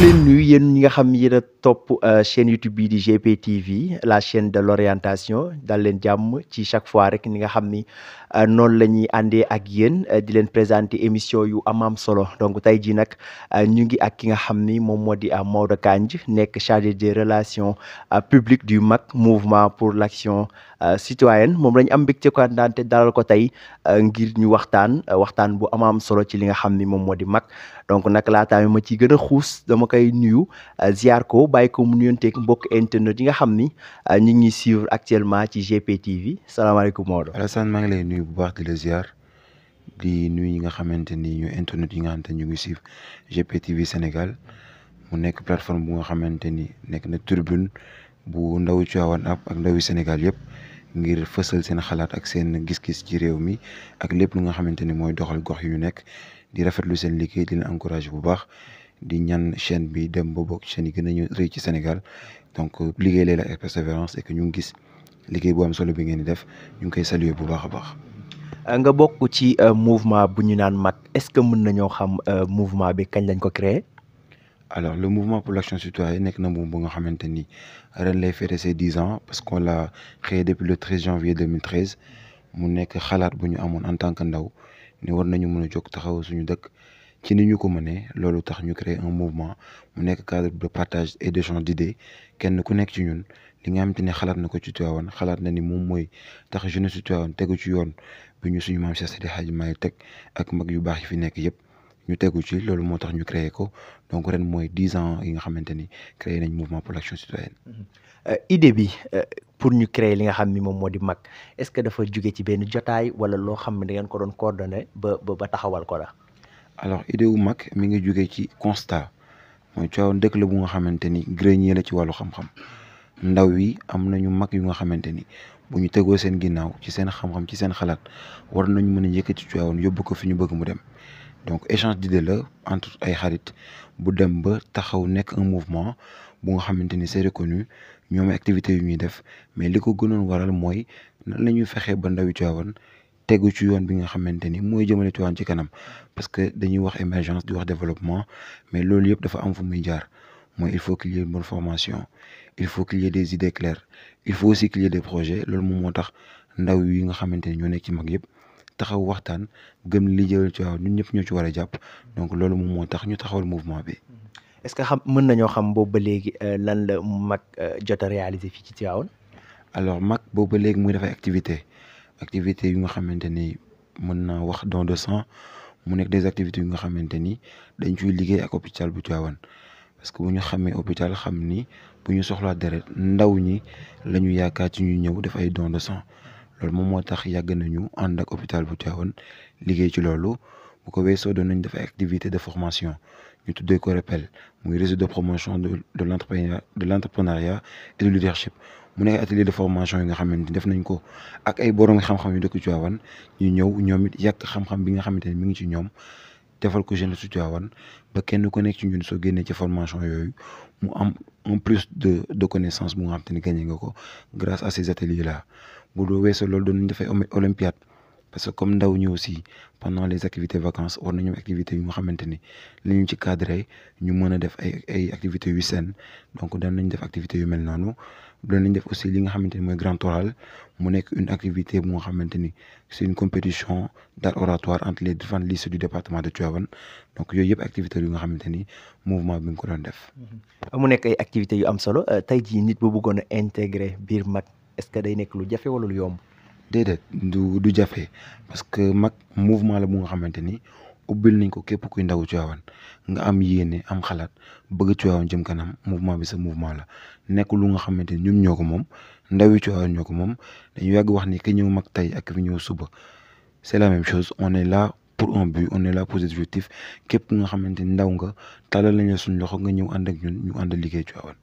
leen nuyu yéen ñi nga xam yéen a topp euh, chaîne YouTube bii di GPTV la chaîne de l'orientation dal leen jàmm ci chaque fois rek ni nga xam ni euh, noonu la ñuy àndee ak yéen euh, di leen présenter émission yu am am solo donc tey jii nag ñu ngi ak ki nga xam ni moom moo di Maodo Kandji nekk chargé des relation publiques du MAC mouvement pour l'action Euh, citoyenne moom lañ am mbégte te dalal ko tey euh, ngir ñu waxtaan euh, waxtaan bu amaam solo ci li nga xam ni moom moo di mag donc nag laataa ma ciy gën a xuus dama koy nuyu ziar ko bàyyi ko mu nuyonteeg mbokk internet yi nga xam ni ñu ngi suivre actuellement ci GPTV salaamaaleykum Maodo. Alassane maa ngi lay nuyu bu baax di la ziar di nuyu ñi nga xamante ni ñu internet yi nga xamante ñu ngi suivre GPTV Sénégal mu nekk plateforme bu nga xamante ni nekk na tribune bu ndaw Tivaouane ak ndawi Sénégal yëpp. ngir fësal seen xalaat ak seen gis-gis ci réew mi ak lépp lu nga xamante ni mooy doxal gox yu ñu nekk di rafetlu seen liggéey di leen bu baax di ñan chaîne bi dem ba bokk chaîne yi gën a ñu rëy ci Sénégal donc liggéey leen ak persévérance et que ñu ngi gis liggéey bu am solo bi ngeen di def ñu ngi koy saluer bu baax a baax. Euh, nga bokk ci euh, mouvement bu ñu naan mag est-ce que mën nañoo xam euh, mouvement bi kañ lañ ko créer alors le mouvement pour l'action citoyenne nekk na moom bu nga xamante ni ren lay fêter ses dix ans parce que l'a créé depuis le 13 janvier 2013 mu nekk xalaat bu ñu amoon en tant que ndaw ni war ñu mun a jóg taxaw suñu dëkk ci ni ñu ko mënee loolu tax ñu créer un mouvement mu nekk cadre de partage et d'échange d'idées kenn ku nekk ci ñun li nga xamante ni xalaat na ko ci Tivaouane xalaat na ni moom mooy tax jeunesse Tivaouane tegu ci yoon bi ñu suñu maam Cheikh Seydi Hadji Maye teg ak mag yu baax yi fi nekk yëpp ñu tegu ci loolu moo tax ñu créé ko donc ren mooy dix ans yi nga xamante ni créé nañ mouvement pour l'action citoyenne. Euh, idée bi euh, pour ñu créer li nga xam ni moom moo di mag est-ce que dafa jóge ci benn jotaay wala loo xam ne da ngeen ko doon coordonné ba ba taxawal ko la. alors idée wu mag mi ngi jóge ci constat mooy Tivaouane dëkk bu nga xamante ni grenier la ci wàllu xam-xam ndaw yi am nañu mag yu nga xamante ni bu ñu tegoo seen ginnaaw ci seen xam-xam ci seen xalaat war nañu mën a yëkkati Tivaouane yóbbu ko fi ñu bëgg mu dem. donc échange d'idées la entre ay xarit bu dem ba taxaw nekk un mouvement bu nga xamante ni c'est reconnu ñoom activité yu ñuy def mais li ko gënoon waral mooy nan la ñuy fexee ba ndawi Tivaouane tegu ci yoon bi nga xamante ni mooy jëmale Tivaouane ci kanam parce que dañuy wax émergence di wax développement mais loolu yëpp dafa am fu muy jaar mooy il faut qu'il y ait une bonne formation il faut qu'il y ait des idées claires il faut aussi qu'il des projets loolu moom moo tax ndaw yi nga xamante ni ñoo nekk ci mag yëpp taxaw waxtaan gëm li jël Tivaouane ñun ñëpp ñoo ci war a jàpp donc loolu moom moo tax ñu taxawal mouvement bi. est-ce que xam mën nañoo xam boobu ba léegi euh, lan la mag euh, jot a fii ci Tivaouane. alors mag boobu ba léegi muy dafay activité activité yu nga xamante ni mën naa wax don de sang mu nekk des activités yu nga xamante ni dañ ciy liggéey ak hôpital bu Tivaouane parce que bu ñu xamee hôpital xam nii bu ñu soxlaa deret ndaw ñi la ñu yaakaar ci ñuy ñëw def ay don de sang. loolu moom moo tax yàgg nañu ànd ak hôpital bu Tivaouane liggéey ci loolu bu ko weesoo doon nañ def ay activité de formation ñu tuddee ko REPEL muy réseau de promotion de de l'entrepreneur de l'entrepreneuriat et du leadership mu nekk atelier de formation yi nga xamante ni def nañ ko ak ay borom xam-xam yu dëkk Tivaouane ñu ñëw ñoom it yàq xam bi nga xamante ni mi ngi ci ñoom defal ko jeunesse su Tivaouane ba kenn ku nekk ci ñun soo génnee ci formation yooyu mu am un plus de de connaissance bu nga xamante ni gagné nga ko grâce à ces ateliers là bu doo weesoo loolu doon nañ dafay olympiade parce que comme ndaw ñi aussi pendant les activités vacances war nañu am activités yu nga xamante ni li ñu ci cadré ñu mën a def ay ay activités yu saines donc daan nañ def activités yu mel noonu doon nañ def aussi li nga xamante ni mooy grand oral mu nekk une activité bu nga xamante ni c'est une compétition d'art oratoire entre les différentes lycées du département de Tivaouane donc yooyu yëpp activités yu nga xamante ni mouvement bi nga ko doon def. mu nekk ay activités yu am solo euh, tey jii nit bu bëggoon a intégré biir mag. est-ce que day nekk lu jafe wala lu yomb. déedéet du du jafe parce que mag mouvement la bu nga xamante ni ubbil nañ ko képp kuy ndaw Tivaouane nga am yéene am xalaat bëgg Tivaouane jëm kanam mouvement bi sa mouvement la nekk lu nga xamante ni ñun ñoo ko moom ndawi Tivaouane ñoo ko moom dañu yàgg wax ni ki ñëw mag tey ak ki suba c'est la même chose on est pour un but on est là pour képp nga xamante ni ndaw nga talal lañu suñ loxo nga ñëw ànd ak ñun ñu ànd liggéey Tivaouane.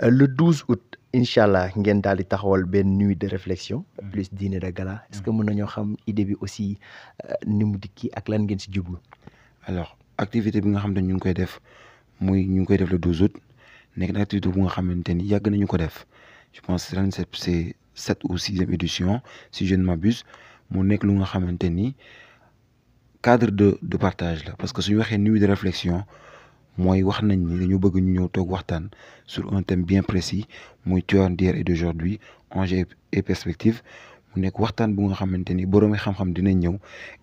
le 12 août incha allah ngeen daal di taxawal benn nuit de réflexion. plus diine de gala. est-ce que mën nañoo xam idée bi aussi euh, ni mu dikki ak lan ngeen si jublu. alors activité bi nga xam ne ñu ngi koy def muy ñu ngi koy def le 12 août nekk na activité bu nga xamante ni yàgg nañu ko def je pense ren c'est set sept ou sixième édition si je ne m'abuse mu nekk lu nga xamante ni cadre de de partage la parce que suñu waxee nuit de réflexion. mooy wax nañ ni ñu bëgg ñu ñëw toog waxtaan sur un thème bien précis muy Tivaouane de et d'aujourd'hui enjeux et perspectives mu nekk waxtaan bu nga xamante ni boroomi xam-xam dinañ ñëw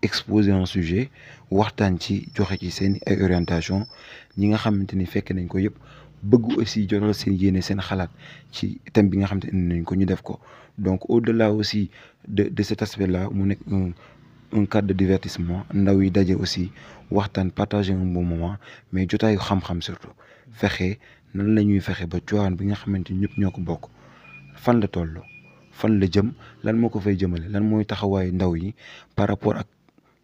exposer un sujet waxtaan ci joxe ci seen ay orientation ñi nga xamante ni fekk nañ ko yëpp bëgg aussi jotal seen yéene seen xalaat ci thème bi nga xamante ni nañ ko ñu def ko donc au delà aussi de de cet aspect là mu nekk un cadre de divertissement ndaw yi daje aussi waxtaan partager un bon moment mais jotaayu xam-xam surtout fexe nan la ñuy fexe ba Tivaouane bi nga xamante ni ñëpp ñoo ko bokk fan la toll fan la jëm lan moo ko fay jëmale lan mooy taxawaayu ndaw yi par rapport ak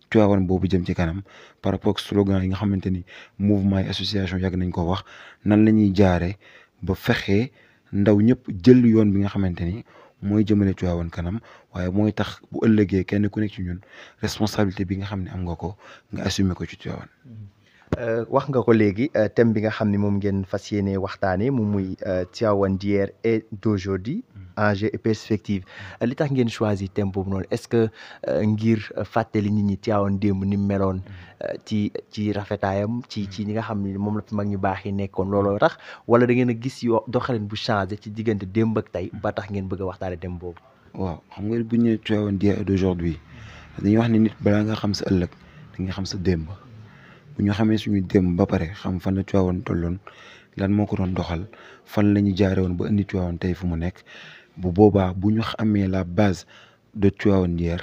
Tivaouane boobu jëm ci kanam par rapport ak slogan yi nga xamante ni mouvement yi association yàgg nañ ko wax nan lañuy ñuy jaare ba fexe ndaw ñëpp jël yoon bi nga xamante mooy jëmale Tiwaawan kanam waaye mooy tax bu ëllëgee kenn ku nekk ci ñun responsabilité bi nga xam ne am nga ko nga assumer ko ci Tiwaawan Euh, wax nga ko léegi euh, thème bi nga xam ne moom ngeen fas yéene waxtaanee moom muy euh, Tivaouane d'hier et d'aujourd'hui mm. enjeux et perspectives li tax ngeen choisir temb boobu noonu est-ce que ngir fàttali nit ñi Tivaouane démb ni meloon mm. ci ci rafetaayam ci mm. ci ñi nga xam ne moom la fi mag ñu baax yi nekkoon looloo tax wala da ngeen a gis yoo doxalin bu changé ci diggante démb ak ba tax ngeen bëgga a waxtaanee thème boobu. waaw xam nga bu ñu Tivaouane d'hier et d'aujourd'hui dañuy wax ne nit balaa nga xam sa ëllëg da nga xam sa démb. bu ñu xamee suñu démb ba pare xam fan la Tivaouane tolloon lan moo ko doon doxal fan la ñu jaaree woon ba indi Tivaouane tey fu mu nekk bu boobaa bu ñu amee la base de Tivaouane hier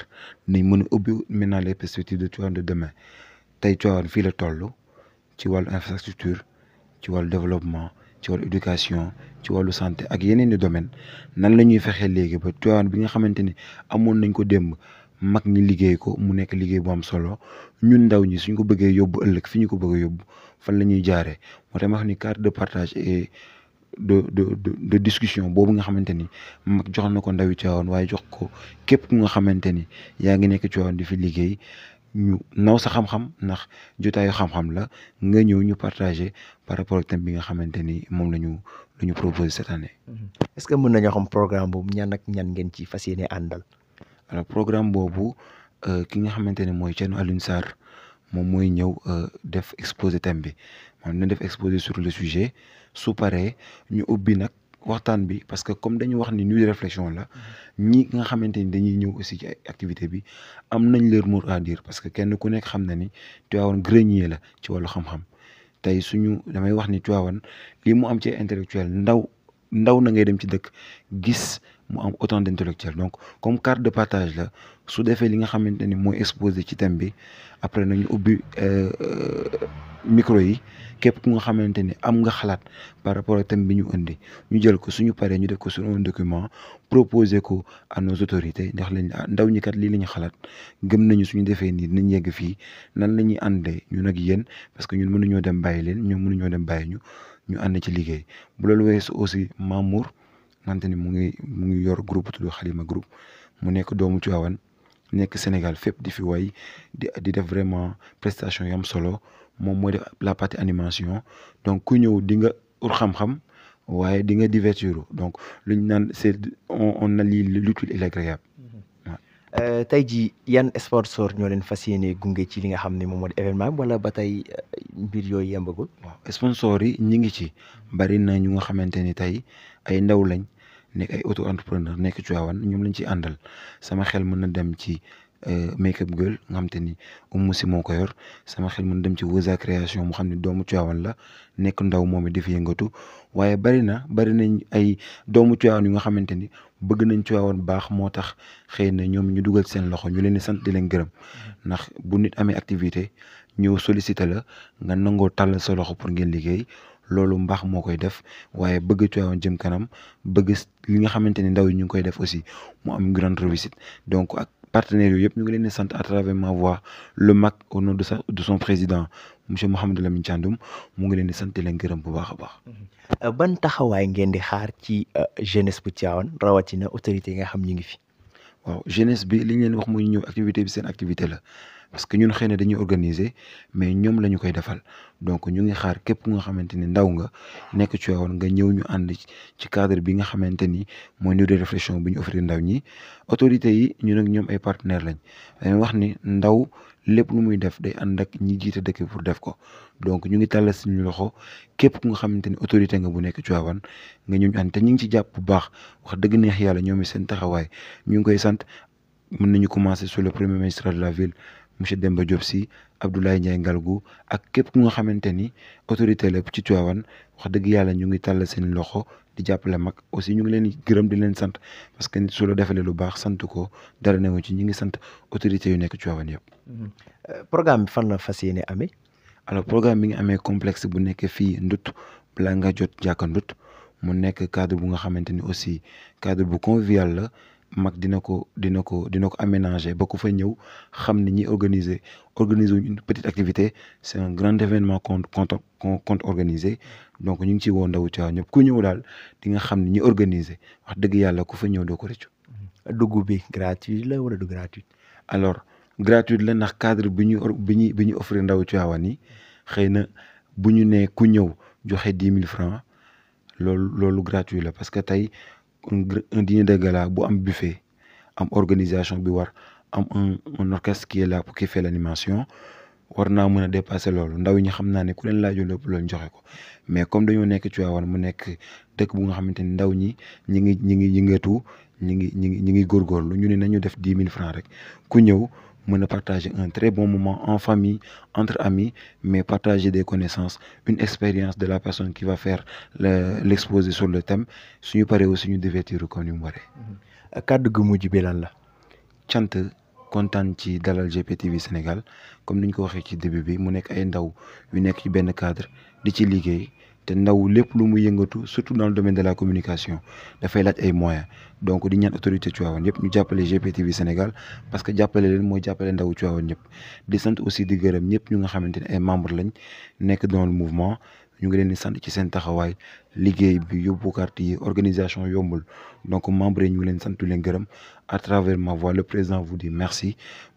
nañ mën a ubbi maintenant les perspectives de Tivaouane de demain tey Tivaouane fii la tollu ci wàllu infrastructure ci wàllu développement ci wàllu éducation ci wàllu santé ak yeneen i domaine nan la ñuy fexee léegi ba Tivaouane bi nga xamante ni amoon nañ ko démb mag ñi liggéey ko mu nekk liggéey bu am solo ñun ndaw ñi suñ ko bëggee yóbbu ëllëg fi ñu ko bëgg a yóbbu fan la ñuy jaaree moo tax ma ni cadre de partage et de de discussion boobu nga xamante ni mag jox na ko ndawi Tivaouane waaye jox ko képp ku nga xamante ni yaa ngi nekk Tivaouane di fi liggéey ñu naw sa xam ndax jotaayu xam-xam la nga ñëw ñu partagé par rapport ak thème nga xamante ni moom la ñu la ñu proposé cette année. est-ce que mën nañoo xam programme boobu ñan ak ñan ngeen ci fas yéene àndal. voilà euh, programme boobu euh, ki nga xamante ne mooy Thierno Alioune Sarr moom mooy ñëw euh, def exposé thème bi moom dina def exposé sur le sujet su paree ñu ubbi nag waxtaan bi parce que comme dañu wax ni nuit de la ñi ki nga xamante ni dañuy ñëw aussi ci activité bi am nañ leur mot à dire parce que kenn ku nekk xam na ni Tivaouane grenier la ci wàllu xam-xam tey suñu damay wax ni Tivaouane lii mu am ci intellectuel ndaw ndaw na ngay dem ci dëkk gis mu am autant d'intellectuels donc comme carte de partage la su defee li nga xamante ni mooy exposé ci thème bi après nañu ubbi euh, micro yi képp ku nga xamante ni am nga xalaat par rapport ak thème bi ñu indi ñu jël ko suñu paree ñu def ko sur un document proposé ko à nos autorités ndax lañ ah, ndaw ñi kat lii na ñu xalaat gëm nañu suñu defee nii dinañ yegg fii nan la ñuy àndee ñun nag yéen parce que ñun mënuñoo dem bàyyi leen ñoom mënuñoo dem bàyyi ñu ñu ànd ci liggéey bu loolu weesu aussi Mamour. nga ni mu ngi mu ngi yor group bu tudd Xalima group mu nekk doomu Tiwaawan nekk Sénégal fépp di fi way di di def vraiment prestation yu am solo moom mooy def la partie animation donc ku ñëw di nga ur xam-xam waaye di nga divertir donc lu ñu naan c' est lii on allie l'utile et l'agréable mm-hmm. euh, tey jii yan sponsor ñoo leen fas yéene gunge ci li nga xam ne moom moo di événement wala ba tey euh, mbir yooyu yembagul. waaw yi ñu ngi ci bari na ñu nga xamante ni tey ay ndaw lañ. nekk ay auto entrepreneur nekk Tivaouane ñoom lañ ci àndal sama xel mën na dem ci euh, make up girl nga te ni Oumou Sy moo ko yor sama xel mën dem ci Weuza création mu xam ne doomu Tivaouane la nekk ndaw moom it di fi yëngatu waaye bari na bari nañ ay doomu Tivaouane yu nga xamante ni bëgg nañ Tivaouane baax moo tax xëy na ñoom ñu dugal seen loxo ñu leen di sant di leen gërëm ndax bu nit amee activité ñëw sollicité la nga nangoo tàllal sa loxo pour ngeen liggéey loolu mbaax moo koy def waaye bëgg Tivaouane jëm kanam bëgg li nga xamante ni ndaw yi ñu ngi koy def aussi mu am grande réussite donc ak partenaires yooyu yëpp ñu ngi leen di sant à travers ma voix le MAC au nom de sa de son président monsieur Mouhamadou Lamine Thiandoum mu ngi leen di sant di leen gërëm bu baax a baax. Mhm. Euh, ban taxawaay ngeen di xaar ci euh, jeunesse bu Tivaouane rawatina autorité yi nga xam ñu ngi fi. waaw jeunesse bi li ñu leen wax muy ñëw activité bi seen activité la. parce que ñun xëy na dañuy mais ñoom la ñu koy defal donc ñu ngi xaar képp nga xamante ni ndaw nga nekk ci woon nga ñëw ñu ànd ci cadre bi nga xamante ni mooy niveau de réflexion bu ñu offrir ndaw ñi autorité yi ñun ak ñoom ay partenaire lañ wax ni ndaw lépp lu muy def day ànd ak ñi jiite dëkk pour def ko donc ñu ngi tàllal suñu loxo képp ku nga xamante ni autorité nga bu nekk Tivaouane nga ñëw ñu ànd te ñu ngi ci jàpp bu baax wax dëgg neex yàlla ñoom seen taxawaay ñu ngi koy sant mën nañu commencer su le premier magistrat de la ville monsieur Demba Diop si Abdoulaye Ndiaye Ngalgou ak képp ku nga xamante ni autorité la ci ci Tivaouane wax dëgg yàlla ñu ngi tàll seen loxo di jàppale mag aussi ñu ngi leen gërëm di leen sant parce que nit su defalee lu baax sant ko dara newu ci ñu ngi sant autorité yu nekk Tivaouane yëpp. Euh, programme fan la fas yéene amee. alors programme bi nga amee complexe bu nekk fii Ndut balaa nga jot jàkka Ndut mu nekk cadre bu nga xamante ni aussi cadre bu convivial la. mag dina ko dina ko dina ko aménager ba ku fa ñëw xam ne ñi organiser organiser une activité c'est un grand événement qu'on compte compte organiser donc ñu ngi ci woo ndaw Tivaouane ñëpp ku ñëw daal dinga xam ne ñi organiser wax dëgg yàlla ku fa ñëw doo ko rëccu. dugg bi gratuit la wala du gratuit. alors gratuit la ndax cadre bi ñu bi ñu bi ñu offrir ndaw Tivaouane yi xëy na bu ñu nee ku ñëw joxe dix mille francs loolu loolu gratuit la parce que tey. un, un dîner de gala bu am buffet am organisation bi war am un un orchestre qui est là pour qui fait l'animation war naa mën a dépasser loolu ndaw yi ñu xam naa ne ku leen laajoo lépp loolu joxe ko mais comme dañoo nekk ci Tivaouane mu nekk dëkk bu nga xamante ni ndaw ñi ñi ngi ñi ngi yëngatu ñi ngi ñi ngi ñi ngi góorgóorlu ñu ne nañu def dix mille francs rek ku ñëw mën a partager un très bon moment en famille entre amis mais partager des connaissances une expérience de la personne qui va faire le l'exposé sur le thème suñu paree aussi ñu divertir comme ni mu waree. Mm-hmm. kàddu gu mujj bi lan la. cant kontaan ci dalal GPTV Sénégal comme ni ñu ko waxee ci début bi mu nekk ay ndaw yu nekk ci benn cadre di ci liggéey. te ndaw lépp lu mu yëngatu surtout dans le domaine de la communication dafay laaj ay moyens donc di ñaan autorité Tivaouane yëpp ñu jàppale GPTV Sénégal parce que jàppale leen mooy jàppale ndaw Tivaouane ñëpp di sant aussi di gërëm ñëpp ñu nga xamante ne ay membre lañ nekk dans le mouvement ñu ngi leen di sant ci seen taxawaay liggéey bi yóbbu carte yi organisation yombul donc membre yi ñu ngi leen sant leen gërëm à travers ma voix le président vous merci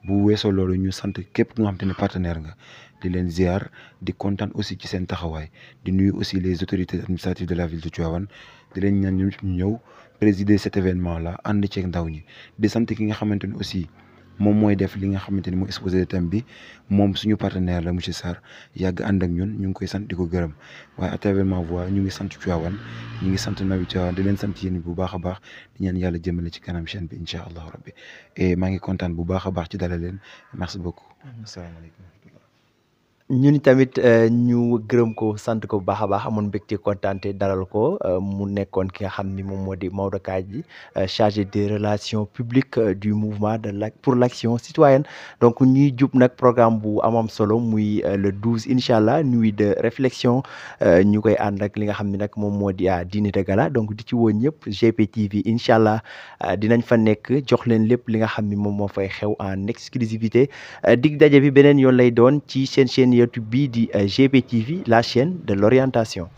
bu weesoo loolu ñu sant képp ku nga xamante ne partenaire nga di leen ziar di kontaan aussi ci seen taxawaay di nuyu aussi les autorités administratives de la ville de Tivaouane di leen ñaan ñoom ñëw présider cet événement là ànd ceeg ndaw ñi di sant ki nga xamante ni aussi moom mooy def li nga xamante ni mooy exposé de thème bi moom suñu partenaire la monsieur Sarr yàgg ànd ak ñun ñu ngi koy sant di ko gërëm waaye à travers ma voix ñu ngi sant Tivaouane ñu ngi sant nawi Tivaouane di leen sant yéen bu baax a baax di ñaan yàlla jëmale ci kanam chaîne bi incha allahu rabbi maa ngi kontaan bu baax a baax ci dalal leen merci beaucoup. Mmh. asalaamaaleykum. ni tamit euh, ñu gërëm ko sant ko bu baax a baax amoon mbégte kontaante dalal ko euh, mu nekkoon ki nga xam ni moom moo di Maodo Kandji euh, chargé des relation publique du mouvement de la pour l'action citoyenne donc ñuy jub nag programme bu amam solo muy le 12 incha allah nuit de réflexion ñu koy ànd ak li nga xam ne nag moom moo di à ah, dîner de gala donc di ci woon ñëpp GPTV incha allah dinañ fa nekk jox leen lépp li nga xam ni moom moo fay xew en exclusivité dig daje bi beneen yoon lay doon ci yetu bii di euh, GPTV la chaîne de l'orientation